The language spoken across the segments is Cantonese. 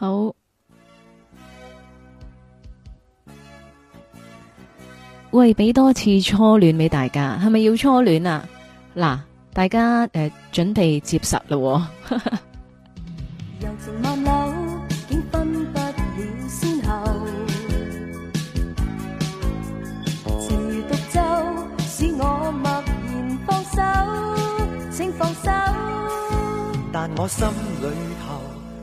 好，喂，俾多次初戀俾大家，係咪要初戀啊？嗱，大家誒、呃、準備接受咯、哦。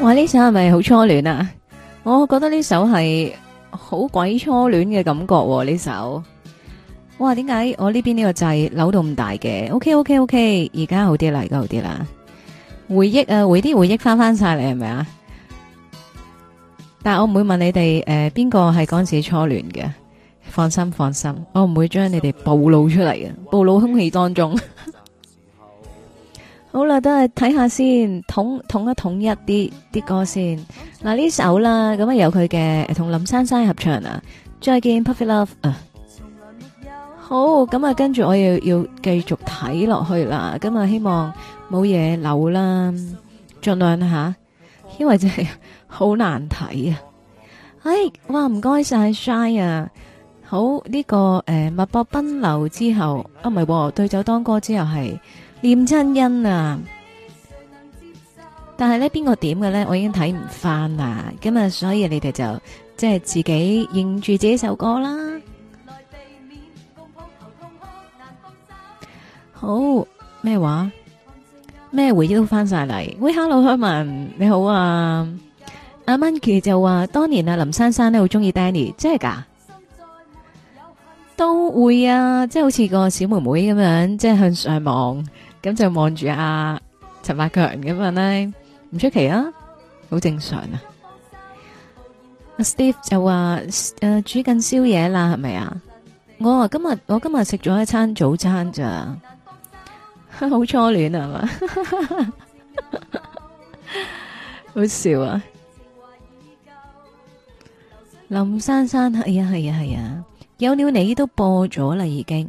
哇！呢首係咪好初戀啊？我覺得呢首係好鬼初戀嘅感覺喎、啊，呢首。哇！點解我呢邊呢個掣扭到咁大嘅？OK OK OK，而家好啲啦，而家好啲啦。回憶誒，回啲回憶翻翻晒你係咪啊？但係我唔會問你哋誒邊個係嗰時初戀嘅，放心放心，我唔會將你哋暴露出嚟嘅，暴露空氣當中。好啦，都係睇下先看看，統統一統一啲啲歌先。嗱，呢首啦，咁啊有佢嘅同林珊珊合唱啊。再見 Puppy Love、啊。好，咁啊跟住我要要繼續睇落去啦。咁啊希望冇嘢扭啦，盡量吓，因為真係好難睇啊。哎，哇唔該晒 Shy 啊。好呢、這個誒脈搏奔流之後，啊唔係對酒當歌之後係。念親恩啊！但係咧，邊個點嘅咧？我已經睇唔翻啦。咁啊，所以你哋就即係自己認住自己首歌啦。好咩話？咩回憶都翻晒嚟？喂，Hello，Herman，你好啊！阿 Monkey 就話當年啊，林珊珊咧好中意 Danny，真係噶？都會啊！即係好似個小妹妹咁樣，即係向上望。咁就望住阿陳百強咁樣咧，唔出奇啊，好、啊、正常啊。Steve 就話誒、呃、煮緊宵夜啦，係咪啊、哦？我今日我今日食咗一餐早餐咋，好 初戀啊嘛， 好笑啊！林珊珊係啊係啊係啊，有料你都播咗啦已經。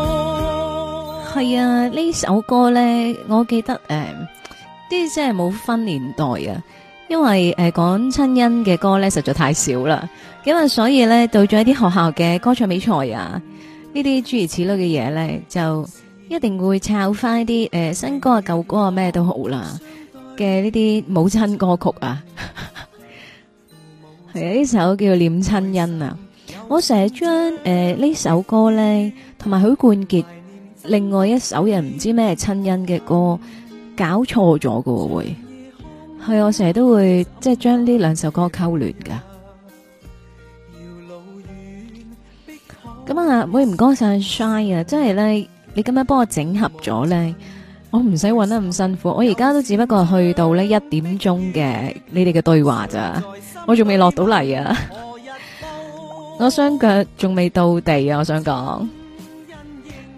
係啊，呢首歌咧，我記得誒，啲真係冇分年代啊，因為誒講親恩嘅歌咧實在太少啦，咁啊所以咧到咗一啲學校嘅歌唱比賽啊，呢啲諸如此類嘅嘢咧，就一定會抄翻啲誒新歌啊舊歌啊咩都好啦嘅呢啲母親歌曲啊，係啊，呢首叫做念親恩啊，我成日將誒呢首歌咧同埋許冠傑。另外一首人唔知咩親恩嘅歌，搞錯咗噶會，係我成日都會即係將呢兩首歌溝聯噶。咁啊，會唔該晒 Shy 啊，真係咧，你噉樣幫我整合咗咧，我唔使揾得咁辛苦，我而家都只不過去到呢一點鐘嘅你哋嘅對話咋，我仲未落到嚟啊， 我雙腳仲未到地啊，我想講。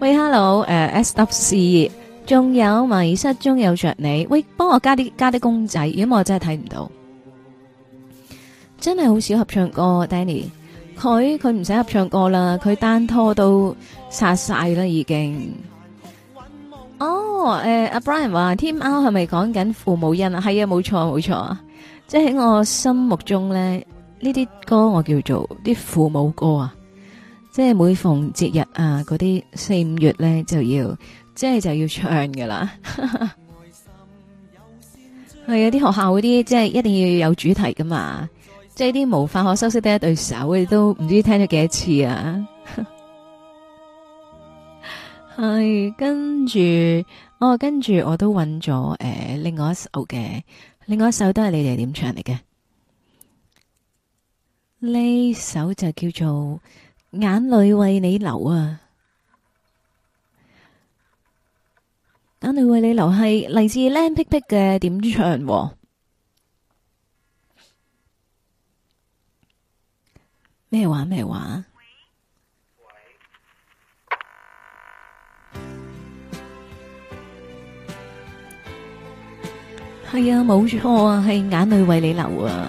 喂、hey,，hello，誒、uh,，S W C，仲有迷失中有着你，喂，幫我加啲加啲公仔，如果我真係睇唔到，真係好少合唱歌，Danny，佢佢唔使合唱歌啦，佢單拖都殺晒啦已經。哦、oh, uh,，誒，阿 Brian 話天喵係咪講緊父母恩啊？係啊，冇錯冇錯，即係喺我心目中咧，呢啲歌我叫做啲父母歌啊。即係每逢節日啊，嗰啲四五月咧就要，即係就要唱噶啦。係 有啲學校嗰啲，即係一定要有主題噶嘛。生即係啲無法可修飾的一對手，你都唔知聽咗幾多次啊。係 跟住，哦跟住，我都揾咗誒，另外一首嘅，另外一首都係你哋點唱嚟嘅呢首就叫做。眼淚為你流啊！眼淚為你流係嚟自靚碧碧嘅點唱，咩話咩話？係啊，冇錯啊，係眼淚為你流啊！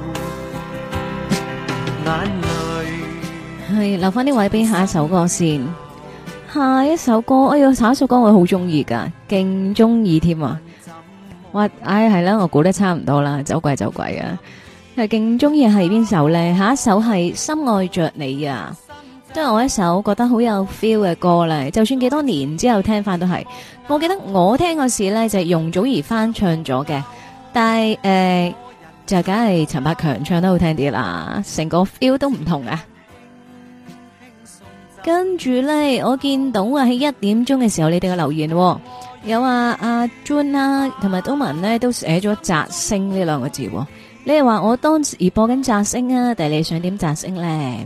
係留翻啲位俾下一首歌先，下一首歌，哎喲，下一首歌我好中意噶，勁中意添啊！哇，哎係啦，我估得差唔多啦，走鬼走鬼啊！係勁中意係邊首呢？下一首係《深愛着你》啊，都係我一首覺得好有 feel 嘅歌咧。就算幾多年之後聽翻都係，我記得我聽嗰時呢，就係容祖兒翻唱咗嘅，但係誒。呃就梗係陳百強唱得好聽啲啦，成個 feel 都唔同啊！跟住咧，我見到啊喺一點鐘嘅時候，你哋嘅留言、哦、有啊阿、啊、John 啦同埋東文呢都寫咗摘星呢兩個字、哦，你哋話我當時播緊摘星啊，但係你想點摘星咧？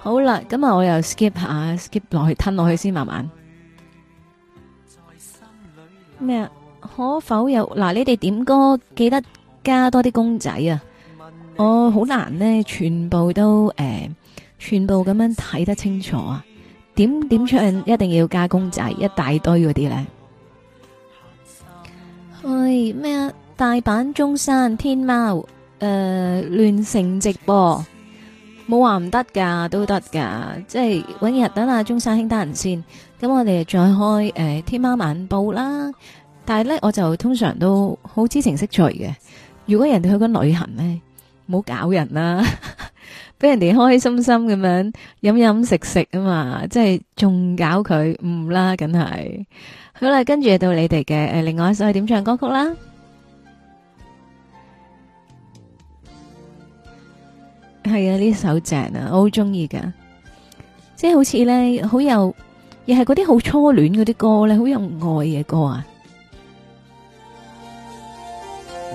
好啦，咁我又 skip 下 skip 下 skip 落去吞落去先，慢慢咩啊？可否有嗱？你哋點歌記得。加多啲公仔啊！我好難呢，全部都誒、呃，全部咁樣睇得清楚啊！點點唱一定要加公仔，一大堆嗰啲咧。係咩、哎？大阪中山、天貓，誒、呃，亂成直播冇話唔得噶，都得噶。即係搵日等下中山兄得人先。咁我哋再開誒、呃、天貓晚報啦。但係咧，我就通常都好知情識趣嘅。如果人哋去嗰旅行咧，唔好搞人啦，俾人哋開開心心咁樣飲飲食食啊嘛，即係仲搞佢唔啦？梗係好啦。跟住到你哋嘅，誒，另外一首係點唱歌曲啦，係啊，呢首正啊，我好中意噶，即係好似咧好有，又係嗰啲好初戀嗰啲歌咧，好有愛嘅歌啊。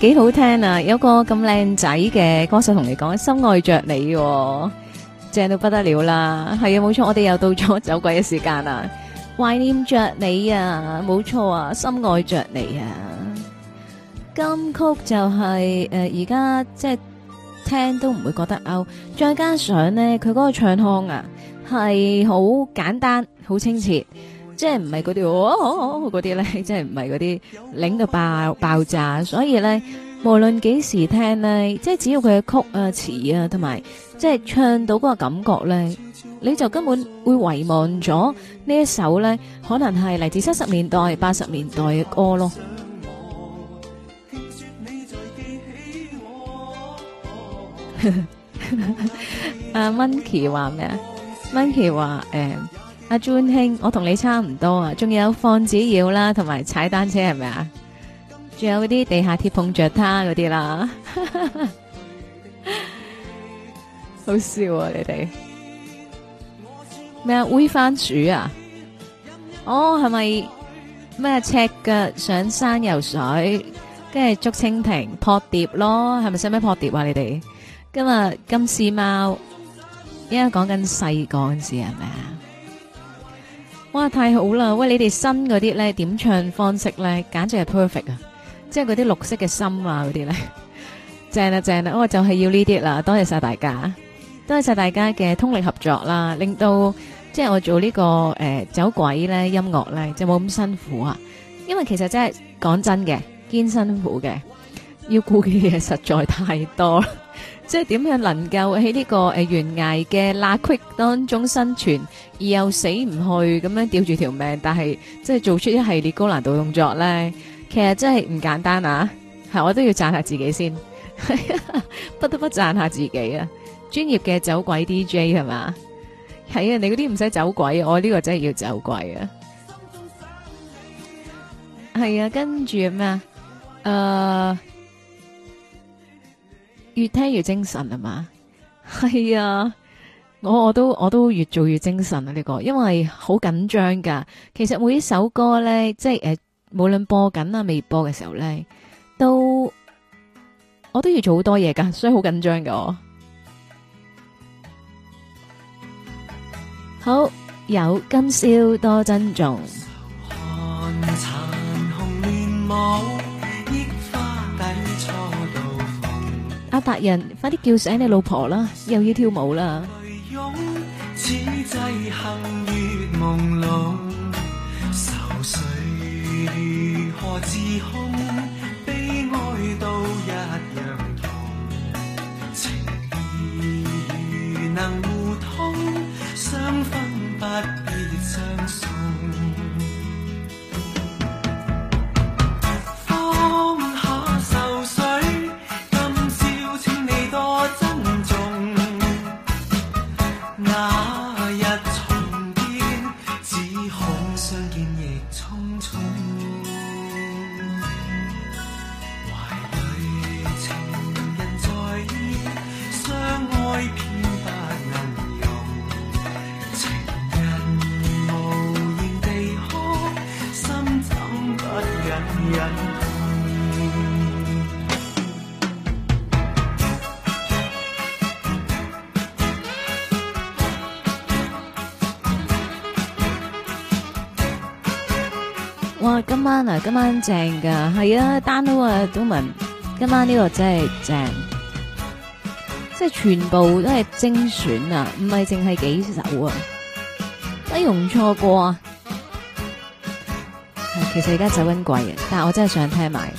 幾好聽啊！有個咁靚仔嘅歌手同你講，深愛着你，正到不得了啦！係啊，冇錯，我哋又到咗走鬼嘅時間啦！懷念着你啊，冇錯啊，深愛着你啊！金曲就係誒，而家即係聽都唔會覺得 out，再加上呢，佢嗰個唱腔啊，係好簡單，好清澈。即係唔係嗰啲哦，好好嗰啲咧，即係唔係嗰啲，令到爆爆炸，所以咧，無論幾時聽咧，即係只要佢嘅曲啊、詞啊，同埋即係唱到嗰個感覺咧，你就根本會遺忘咗呢一首咧，可能係嚟自七十年代、八十年代嘅歌咯。阿 Monkey 話咩？Monkey 話誒。阿尊兄，我同你差唔多啊，仲有放紙鷂啦，同埋踩單車係咪啊？仲有啲地下鐵碰着他嗰啲啦哈哈，好笑啊你哋咩啊？煨番薯啊？哦，係咪咩赤腳上山游水，跟住捉蜻蜓、撲蝶咯？係咪使唔使撲蝶啊？你哋今日金絲貓，依家講緊細個嗰陣時係咪啊？哇，太好啦！喂，你哋新嗰啲咧點唱方式咧，簡直係 perfect 啊！即係嗰啲綠色嘅心啊，嗰啲咧正啊正啊！我就係要呢啲啦。多謝晒大家，多謝晒大家嘅通力合作啦，令到即係我做呢個誒走鬼咧音樂咧就冇咁辛苦啊。因為其實真係講真嘅，堅辛苦嘅，要顧嘅嘢，實在太多。即係點樣能夠喺呢、這個誒懸、呃、崖嘅罅隙當中生存，而又死唔去咁樣吊住條命，但係即係做出一系列高難度動作咧，其實真係唔簡單啊！係我都要讚下自己先， 不得不讚下自己啊！專業嘅走鬼 DJ 係嘛？係啊，你嗰啲唔使走鬼，我呢個真係要走鬼啊！係啊，跟住咩啊？誒、嗯。呃越聽越精神啊嘛，係啊，我我都我都越做越精神啊！呢個因為好緊張噶，其實每一首歌咧，即係誒、呃，無論播緊啊未播嘅時候咧，都我都要做好多嘢噶，所以好緊張噶。我好，有今宵多珍重。寶寶紅阿達人，快啲叫醒你老婆啦！又要跳舞啦～嗱、啊啊，今晚正噶，係啊，download 啊，都文，今晚呢個真係正，即係全部都係精選啊，唔係淨係幾首啊，不容錯過啊！其實而家走緊鬼啊，但係我真係想聽埋。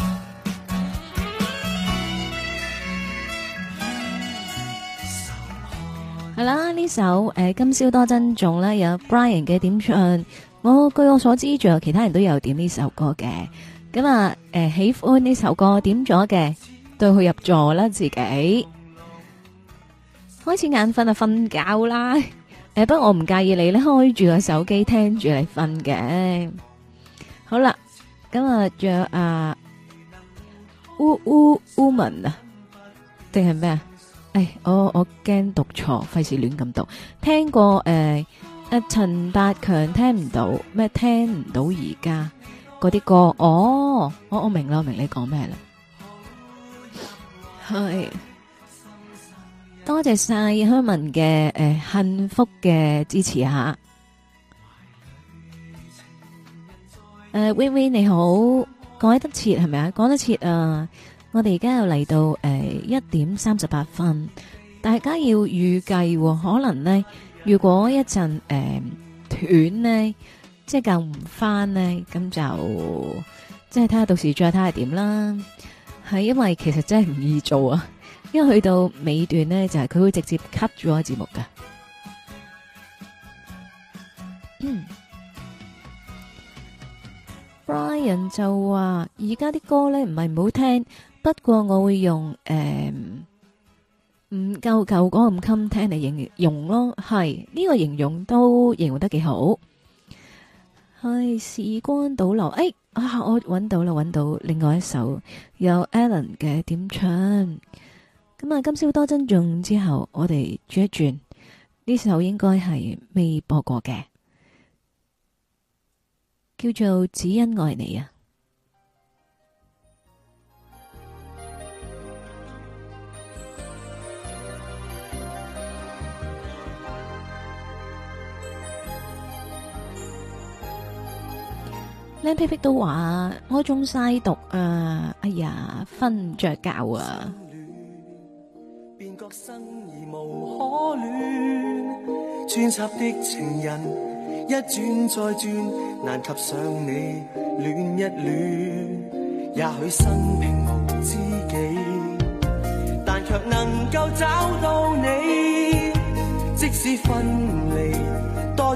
係啦，呢首誒，今宵多珍重啦，有 Brian 嘅點唱。我、oh, 據我所知，仲有其他人都有點呢首歌嘅，咁啊，誒，喜歡呢首歌點咗嘅，對佢入座啦自己。開始眼瞓啊，瞓覺啦。誒，不過我唔介意你咧開住個手機聽住你瞓嘅。好啦，咁啊，仲有啊，Woman 啊，定係咩啊？誒、哎，我我驚讀錯，費事亂咁讀。聽過誒。啊陳百強聽唔到咩？聽唔到而家嗰啲歌哦，哦，我我明啦，我明你講咩啦，係多謝晒香文嘅，誒幸福嘅支持下，誒、呃，威威你好，改得切係咪啊？改得切啊！我哋而家又嚟到誒一點三十八分，大家要預計、呃、可能呢。如果一陣誒斷呢，即係救唔翻呢，咁就即係睇下到時再睇下點啦。係因為其實真係唔易做啊，因為去到尾段呢，就係、是、佢會直接 cut 住個節目噶。Brian 就話：而家啲歌咧唔係唔好聽，不過我會用誒。嗯唔夠舊歌唔襟聽嚟形容咯，係呢、這個形容都形容得幾好。係時光倒流，哎，啊、我搵到啦，搵到另外一首有 Alan 嘅點唱。咁啊，今宵多珍重之後，我哋轉一轉呢首應該係未播過嘅，叫做只因愛你啊。聽都話我中晒毒啊，哎呀瞓唔着覺啊。亂便生而無可戀，穿插的情人一轉再轉，難及上你戀一戀。也許生平無知己，但卻能夠找到你，即使分離多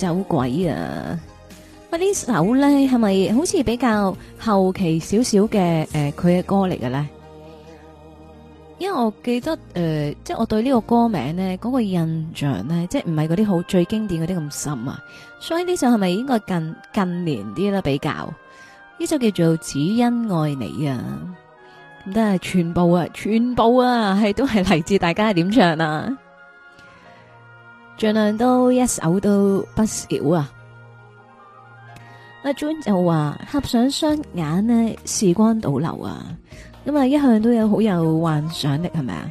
走鬼啊！喂，呢首咧係咪好似比較後期少少嘅？誒、呃，佢嘅歌嚟嘅咧？因為我記得誒、呃，即係我對呢個歌名咧，嗰、嗰個印象咧，即係唔係嗰啲好最經典嗰啲咁深啊。所以呢首係咪應該近近年啲啦？比較呢首叫做《只因愛你》啊，咁都係全部啊，全部啊，係、啊、都係嚟自大家嘅點唱啊？盡量都一首都不少啊！阿 June 就話，合上雙眼呢，時光倒流啊！咁啊，一向都有好有幻想力，係咪啊？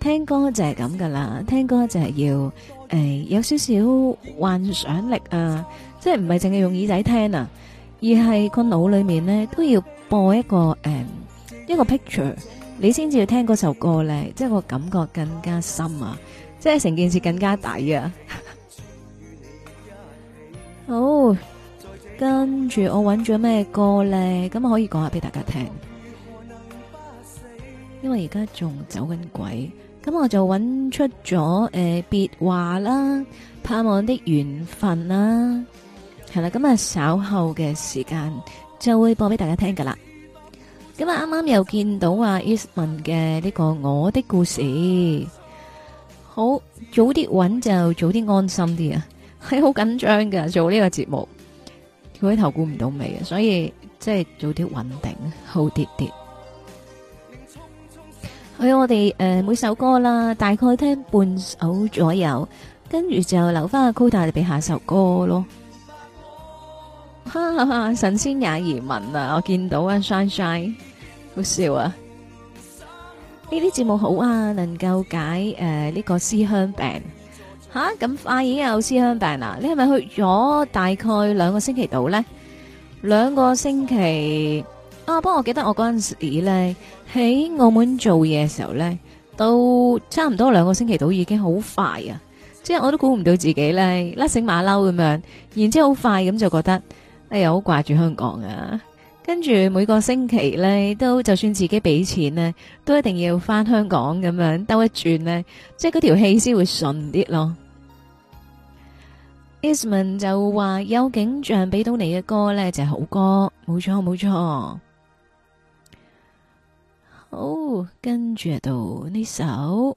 聽歌就係咁噶啦，聽歌就係要誒、呃、有少少幻想力啊！即係唔係淨係用耳仔聽啊，而係個腦裏面呢都要播一個誒、呃、一個 picture，你先至要聽嗰首歌咧，即係個感覺更加深啊！即係成件事更加抵啊！ 好，跟住我揾咗咩歌呢？咁我可以講下俾大家聽。因為而家仲走緊鬼，咁我就揾出咗誒、呃，別話啦，盼望的緣分啦，係啦，咁啊稍後嘅時間就會播俾大家聽噶啦。咁啊，啱啱又見到啊 Eason 嘅呢個我的故事。.好早啲揾就早啲安心啲啊！係好緊張嘅做呢個節目，喺頭顧唔到尾啊！所以即係早啲揾定好啲啲。去、哎、我哋誒、呃、每首歌啦，大概聽半首左右，跟住就留返阿高你俾下首歌咯。哈哈神仙也移民啊！我見到啊 shine shine，好笑啊！呢啲節目好啊，能夠解誒呢個思鄉病吓，咁快已經有思鄉病啦？你係咪去咗大概兩個星期度咧？兩個星期啊，不過我記得我嗰陣時咧喺澳門做嘢嘅時候咧，到差唔多兩個星期度已經好快啊！即係我都估唔到自己咧甩醒馬騮咁樣，然之後好快咁就覺得，哎呀好掛住香港啊！跟住每個星期咧，都就算自己畀錢咧，都一定要翻香港咁樣兜一轉咧，即係嗰條氣先會順啲咯。Isman 就話 有景象俾到你嘅歌咧，就係、是、好歌，冇錯冇錯。好，跟住到呢首。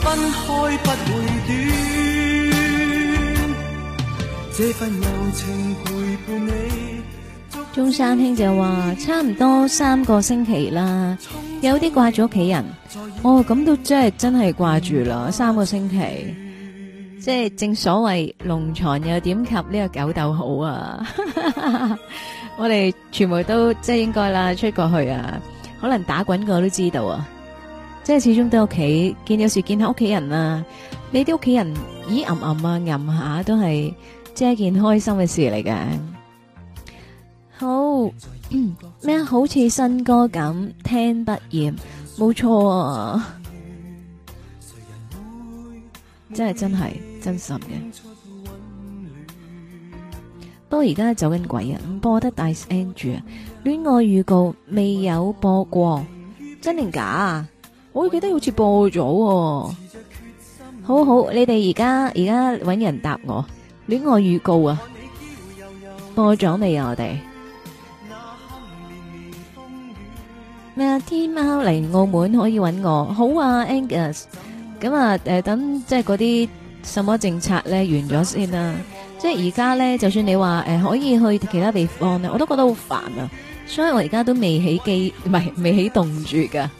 分開不會淡，這份友情陪伴你。中山兄就話差唔多三個星期啦，有啲掛住屋企人。哦，咁都即係真係掛住啦，三個星期，即係正所謂龍床又點及呢個狗竇好啊！我哋全部都即係應該啦，出過去啊，可能打滾我都知道啊。即係始終都屋企，見有時見下屋企人啊，你啲屋企人，咦，吟吟啊，吟下都係，即係一件開心嘅事嚟嘅。好咩、嗯？好似新歌咁聽不厭，冇錯、啊， 真係真係真心嘅。不過而家走緊鬼啊！唔播得大聲啊，《Bored Dice Angel》戀愛預告未有播過，真定假啊？我、哦、記得好似播咗、啊，好好你哋而家而家揾人答我，戀愛預告啊，播咗未啊我哋？咩啊？天喵嚟澳門可以揾我，好啊 Angus，咁啊誒等即係嗰啲什麼政策咧完咗先啦、啊，即係而家咧就算你話誒、呃、可以去其他地方咧，我都覺得好煩啊，所以我而家都未起機，唔係未起動住噶。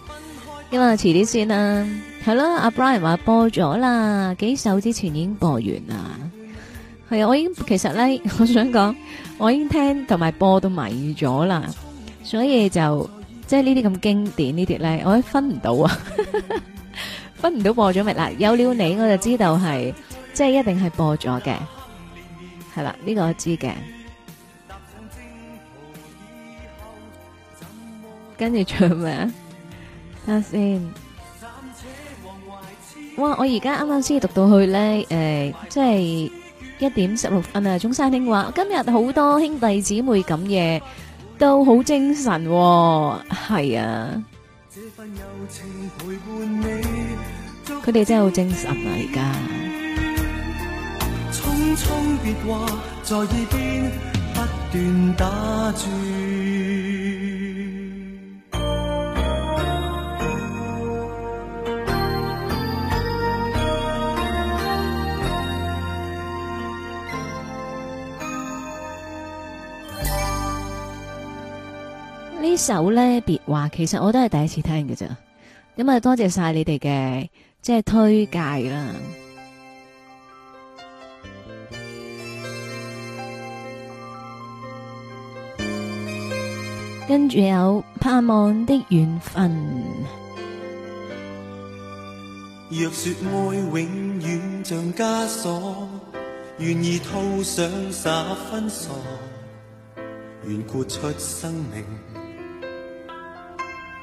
因為遲啲先啦，係咯，阿 Brian 話播咗啦，幾首之前已經播完啦，係啊，我已經其實咧，我想講，我已經聽同埋播都迷咗啦，所以就即係呢啲咁經典呢啲咧，我分唔到啊， 分唔到播咗未啦，有了你我就知道係，即係一定係播咗嘅，係啦，呢個我知嘅，跟住唱咩？睇下先，哇！我而家啱啱先讀到去咧，誒，即係一點十六分啊！中山聽話，今日好多兄弟姊妹咁嘢都好精神，係啊！佢哋真係好精神啊！而家。匆匆別話在耳邊不斷打轉。呢首呢，別話，其實我都係第一次聽嘅咋。咁啊，多謝晒你哋嘅即係推介啦。跟住有盼望的緣分。若說愛永遠像枷鎖，願意套上撒分數，願豁出生命。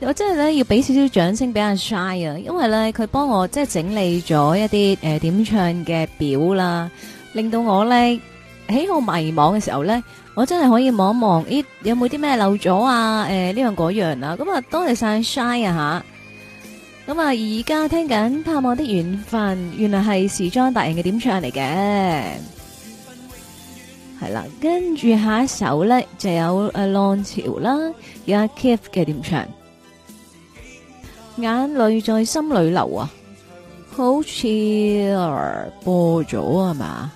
我真係咧要俾少少掌聲俾阿 Shy 啊，因為咧佢幫我即係整理咗一啲誒點唱嘅表啦，令到我咧喺我迷茫嘅時候咧，我真係可以望一望，咦，有冇啲咩漏咗啊？誒、欸、呢樣嗰樣啊，咁啊多謝晒 Shy 啊吓，咁啊而家聽緊盼望的緣分，原來係時裝大型嘅點唱嚟嘅，係啦，跟住下一首咧就有誒浪潮啦，有 Keith 嘅點唱。眼淚在心裏流啊，好似、呃、播咗啊嘛，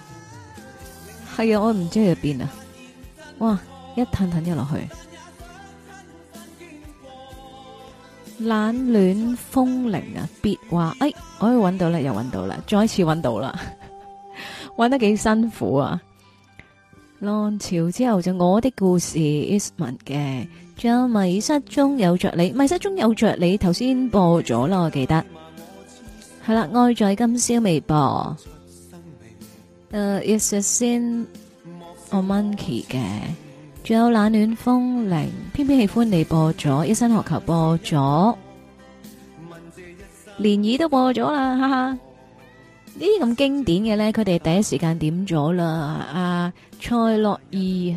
係啊，我唔知喺邊啊，哇，一吞吞一落去，冷暖風鈴啊，別話，哎，我又搵到啦，又搵到啦，再次搵到啦，搵得幾辛苦啊，浪潮之後就我的故事，Eastman 嘅。仲有迷失中有着你，迷失中有着你，頭先播咗咯，我記得係啦，愛在今宵未播。誒，日蝕先，阿 monkey 嘅，仲有冷暖風鈴，偏偏喜歡你播咗，一生何求播咗，漣漪都播咗啦，哈哈，呢啲咁經典嘅咧，佢哋第一時間點咗啦，阿蔡樂兒。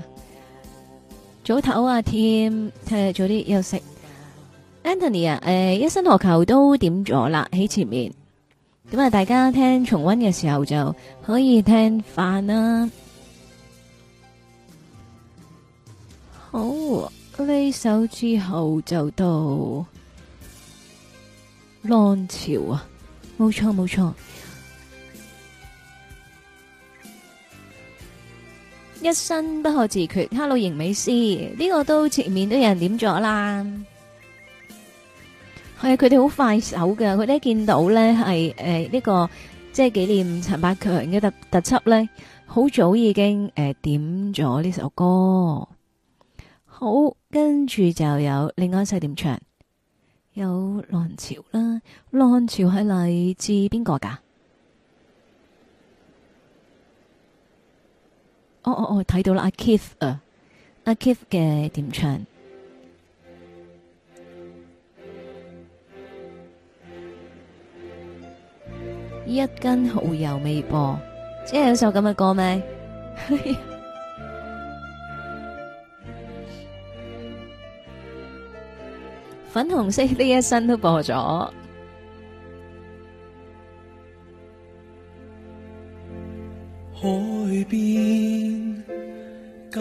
早唞啊添，e 聽日早啲休息。Anthony 啊，誒、呃，一生何求都點咗啦，喺前面。咁啊，大家聽重溫嘅時候就可以聽翻啦。好、啊，呢首之後就到浪潮啊，冇錯冇錯。一生不可自決，Hello 邢美詩，呢、這個都前面都有人點咗啦。係佢哋好快手噶，佢哋見到咧係誒呢是、呃這個即係紀念陳百強嘅特特輯咧，好早已經誒、呃、點咗呢首歌。好，跟住就有另外一首點唱，有浪潮啦，浪潮係嚟自邊個噶？哦哦哦，睇到啦，阿 Kiss 啊，阿 Kiss 嘅點唱，一斤蠔油未播，即係有首咁嘅歌咩？粉紅色呢一身都播咗，海邊。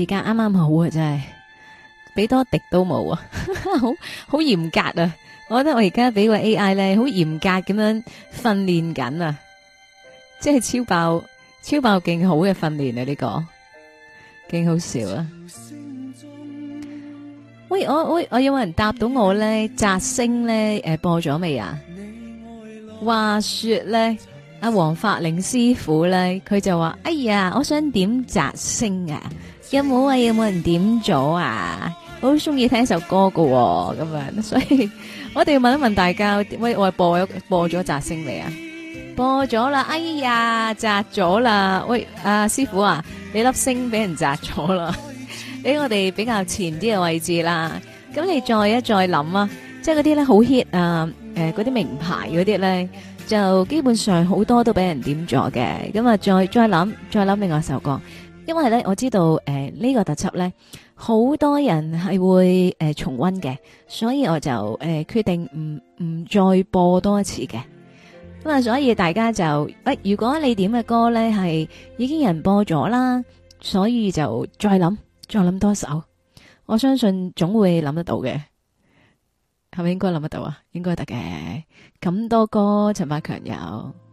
時間啱啱好啊，真係俾多滴都冇啊，好好嚴格啊！我覺得我而家俾個 A.I 咧，好嚴格咁樣訓練緊啊，即係超，超爆超爆勁好嘅訓練啊！呢、這個勁好笑啊！喂，我喂我，我有冇人答到我咧？摘星咧？誒、呃，播咗未啊？話說咧，阿黃法令師傅咧，佢就話：哎呀，我想點摘星啊！有冇啊？有冇人點咗啊？好中意聽首歌噶咁樣，所以我哋要問一問大家，喂，我播咗播咗扎星未啊？播咗啦，哎呀，扎咗啦！喂，阿師傅啊，你粒星俾人扎咗啦！喺我哋比較前啲嘅位置啦，咁你再一再諗啊，即係嗰啲咧好 hit 啊，誒，嗰啲名牌嗰啲咧，就基本上好多都俾人點咗嘅。咁啊，再再諗，再諗另外一首歌。因為咧我知道誒呢、呃這個特輯咧好多人係會誒、呃、重溫嘅，所以我就誒、呃、決定唔唔再播多一次嘅。咁、嗯、啊，所以大家就不、呃、如果你點嘅歌咧係已經有人播咗啦，所以就再諗再諗多首，我相信總會諗得到嘅。係咪應該諗得到啊？應該得嘅。咁多歌陳百強有。